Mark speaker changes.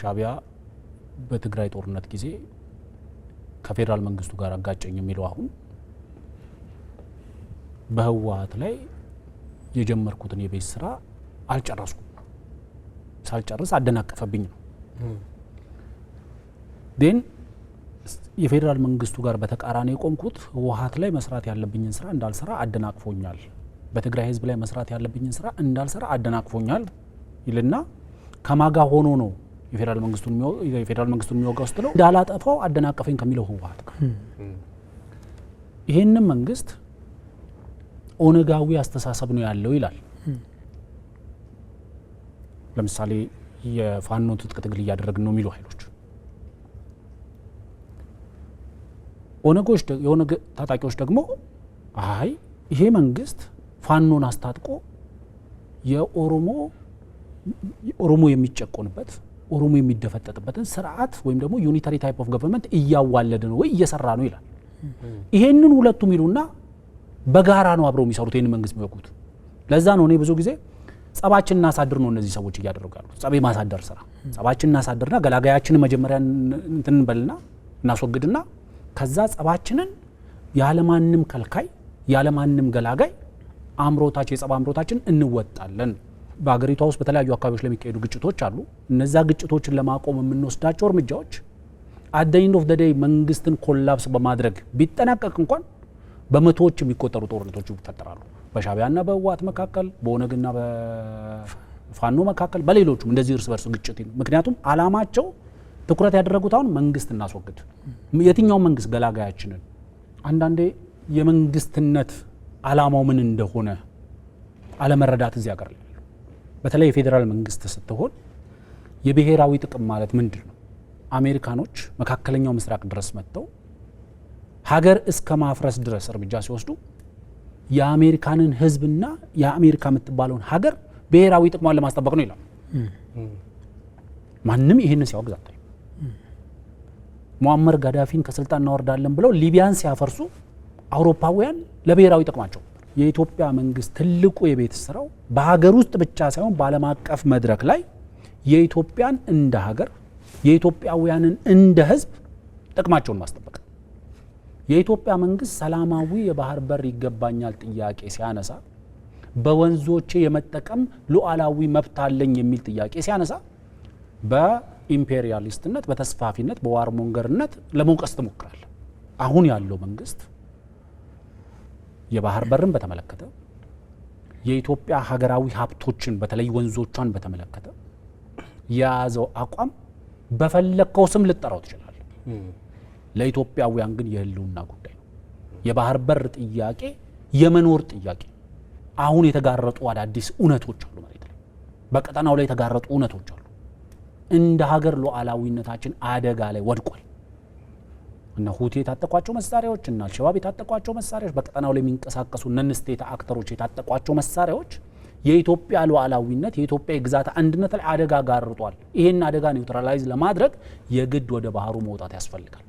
Speaker 1: ሻቢያ በትግራይ ጦርነት ጊዜ ከፌዴራል መንግስቱ ጋር አጋጨኝ የሚለው አሁን በህወሀት ላይ የጀመርኩትን የቤት ስራ አልጨረስኩም፣ ሳልጨርስ አደናቀፈብኝ ነው። ግን የፌዴራል መንግስቱ ጋር በተቃራኒ የቆምኩት ህወሀት ላይ መስራት ያለብኝን ስራ እንዳልሰራ አደናቅፎኛል፣ በትግራይ ህዝብ ላይ መስራት ያለብኝን ስራ እንዳልሰራ አደናቅፎኛል ይልና ከማጋ ሆኖ ነው የፌዴራል መንግስቱን የሚወጋ ውስጥ ነው እንዳላጠፋው አደናቀፈኝ ከሚለው ህወሀት ይህንም መንግስት ኦነጋዊ አስተሳሰብ ነው ያለው ይላል። ለምሳሌ የፋኖ ትጥቅ ትግል እያደረግን ነው የሚሉ ኃይሎች ኦነጎች የኦነግ ታጣቂዎች ደግሞ አይ ይሄ መንግስት ፋኖን አስታጥቆ የኦሮሞ ኦሮሞ የሚጨቆንበት ኦሮሞ የሚደፈጠጥበትን ስርዓት ወይም ደግሞ ዩኒታሪ ታይፕ ኦፍ ገቨርንመንት እያዋለድ ነው ወይ እየሰራ ነው ይላል። ይሄንን ሁለቱ ሚሉና በጋራ ነው አብረው የሚሰሩት ይህን መንግስት የሚወጉት። ለዛ ነው እኔ ብዙ ጊዜ ጸባችን እናሳድር ነው እነዚህ ሰዎች እያደረጉ ያሉት። ጸብ ማሳደር ስራ ጸባችን እናሳድርና ገላጋያችንን መጀመሪያ እንትን በልና እናስወግድና ከዛ ጸባችንን ያለማንም ከልካይ ያለማንም ገላጋይ አእምሮታችን የጸባ አእምሮታችን እንወጣለን። በሀገሪቷ ውስጥ በተለያዩ አካባቢዎች ለሚካሄዱ ግጭቶች አሉ። እነዛ ግጭቶችን ለማቆም የምንወስዳቸው እርምጃዎች አደኝ ኦፍ ደደይ መንግስትን ኮላፕስ በማድረግ ቢጠናቀቅ እንኳን በመቶዎች የሚቆጠሩ ጦርነቶች ይፈጠራሉ። በሻቢያና በህወሓት መካከል፣ በኦነግና በፋኖ መካከል፣ በሌሎቹም እንደዚህ እርስ በርስ ግጭት። ምክንያቱም አላማቸው ትኩረት ያደረጉት አሁን መንግስት እናስወግድ፣ የትኛውን መንግስት ገላጋያችንን። አንዳንዴ የመንግስትነት አላማው ምን እንደሆነ አለመረዳት እዚህ ያቀርል በተለይ የፌዴራል መንግስት ስትሆን የብሔራዊ ጥቅም ማለት ምንድን ነው? አሜሪካኖች መካከለኛው ምስራቅ ድረስ መጥተው ሀገር እስከ ማፍረስ ድረስ እርምጃ ሲወስዱ የአሜሪካንን ህዝብና የአሜሪካ የምትባለውን ሀገር ብሔራዊ ጥቅሟን ለማስጠበቅ ነው ይላል። ማንም ይህንን ሲያወግዝ አታይም። ሙአመር ጋዳፊን ከስልጣን እናወርዳለን ብለው ሊቢያን ሲያፈርሱ አውሮፓውያን ለብሔራዊ ጥቅማቸው የኢትዮጵያ መንግስት ትልቁ የቤት ስራው በሀገር ውስጥ ብቻ ሳይሆን በዓለም አቀፍ መድረክ ላይ የኢትዮጵያን እንደ ሀገር የኢትዮጵያውያንን እንደ ህዝብ ጥቅማቸውን ማስጠበቅ የኢትዮጵያ መንግስት ሰላማዊ የባህር በር ይገባኛል ጥያቄ ሲያነሳ በወንዞቼ የመጠቀም ሉዓላዊ መብት አለኝ የሚል ጥያቄ ሲያነሳ በኢምፔሪያሊስትነት፣ በተስፋፊነት፣ በዋርሞንገርነት ለመውቀስ ትሞክራል። አሁን ያለው መንግስት የባህር በርን በተመለከተ የኢትዮጵያ ሀገራዊ ሀብቶችን በተለይ ወንዞቿን በተመለከተ የያዘው አቋም በፈለግከው ስም ልጠራው ትችላለህ። ለኢትዮጵያውያን ግን የህልውና ጉዳይ ነው። የባህር በር ጥያቄ የመኖር ጥያቄ። አሁን የተጋረጡ አዳዲስ እውነቶች አሉ፣ መሬት ላይ በቀጠናው ላይ የተጋረጡ እውነቶች አሉ። እንደ ሀገር ሉዓላዊነታችን አደጋ ላይ ወድቋል። እነ ሁቲ የታጠቋቸው መሳሪያዎች እና አልሸባብ የታጠቋቸው መሳሪያዎች በቀጠናው ላይ የሚንቀሳቀሱ ነን ስቴት አክተሮች የታጠቋቸው መሳሪያዎች የኢትዮጵያ ሉዓላዊነት የኢትዮጵያ የግዛት አንድነት ላይ አደጋ ጋርጧል። ይህን አደጋ ኒውትራላይዝ ለማድረግ የግድ ወደ ባህሩ መውጣት ያስፈልጋል።